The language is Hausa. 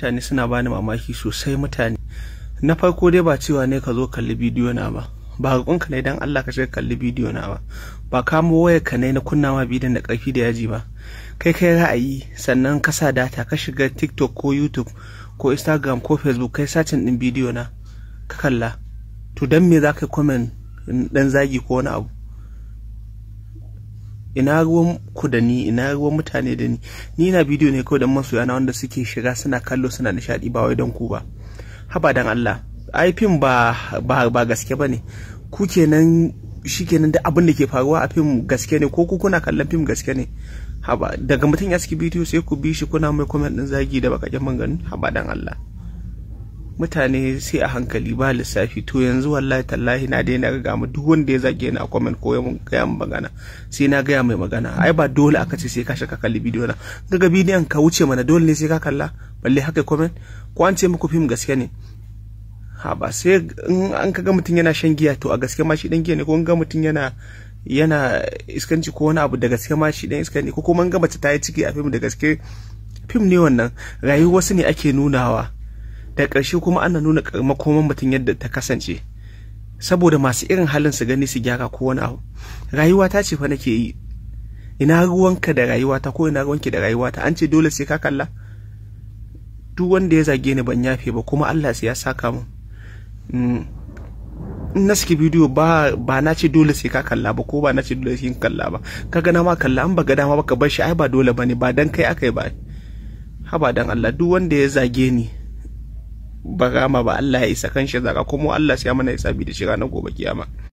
mutane suna bani mamaki sosai mutane na farko dai ba cewa ne ka zo kalli bidiyo na ba ba ka ne dan Allah ka shiga kalli bidiyo na ba ba kamo waya ka ne na kunna ma bidiyon da karfi da yaji ba kai kai ra'ayi sannan ka sa data ka shiga TikTok ko YouTube ko Instagram ko Facebook kai sacin din bidiyo na ka kalla to dan me za ka comment dan zagi ko wani abu ina ruwan ku da ni ina ruwan mutane da ni ni na bidiyo ne kawai don masoya na wanda suke shiga suna kallo suna nishadi ba wai don ku ba haba dan Allah ai fim ba ba, ba gaske bane ku kenan shikenan duk abin da ke faruwa a fim gaske ne ko ku kuna kallon fim gaske ne haba daga mutum ya saki bidiyo sai ku bi shi kuna mai comment din zagi da bakakken ganin. haba dan Allah mutane sai a hankali ba lissafi to yanzu wallahi tallahi na daina ga mu duk wanda ya zage ni a comment ko ya gaya mun magana sai na gaya mai magana ai ba dole aka ce sai ka shaka kalli bidiyo na ga bidiyon ka wuce mana dole ne sai ka kalla balle haka comment ko an ce muku fim gaske ne ha ba sai in an kaga mutum yana shan giya to a gaske ma shi dan giya ne ko in ga mutum yana yana iskanci ko wani abu da gaske ma shi dan iskanci ko kuma in ga mace ta yi ciki a fim da gaske fim ne wannan rayuwar wasu ne ake nunawa da ƙarshe kuma ana nuna makoman mutum yadda ta kasance saboda masu irin halin su gani su gyara ko wani abu rayuwa ta ce fa nake yi ina ruwanka da rayuwa ta ko ina ruwanki da rayuwa ta an ce dole sai ka kalla duk wanda ya zage ni ban yafe ba kuma Allah sai ya saka mu mm. in na saki bidiyo ba ba na ce dole sai ka kalla ba ko ba na ce dole sai kalla ba ka gana ma kalla an ba ga dama baka bar shi ai ba dole bane ba dan kai akai ba haba dan Allah duk wanda ya zage ni ba ma ba Allah ya isa kan shi zaka kuma Allah sai mana hisabi da shiga ranar gobe kiyama